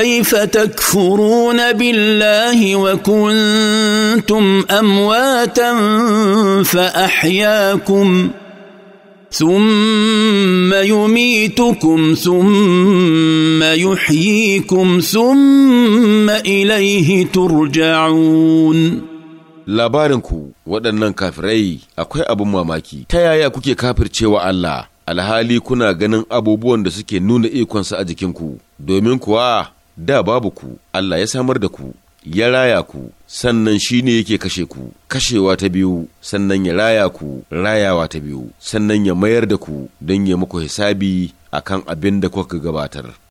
كيف تكفرون بالله وكنتم امواتا فاحياكم ثم يميتكم ثم يحييكم ثم اليه ترجعون labarinku waɗannan kafirai akwai abin mamaki ta yaya kuke kafircewa Allah alhali kuna ganin abubuwan da suke nuna ikonsa a jikinku domin kuwa da babu ku Allah ya samar da ku ya raya ku sannan shi ne yake kashe ku kashewa ta biyu sannan ya raya ku rayawa ta biyu sannan ya mayar da ku don ya muku hisabi akan abin da kuka gabatar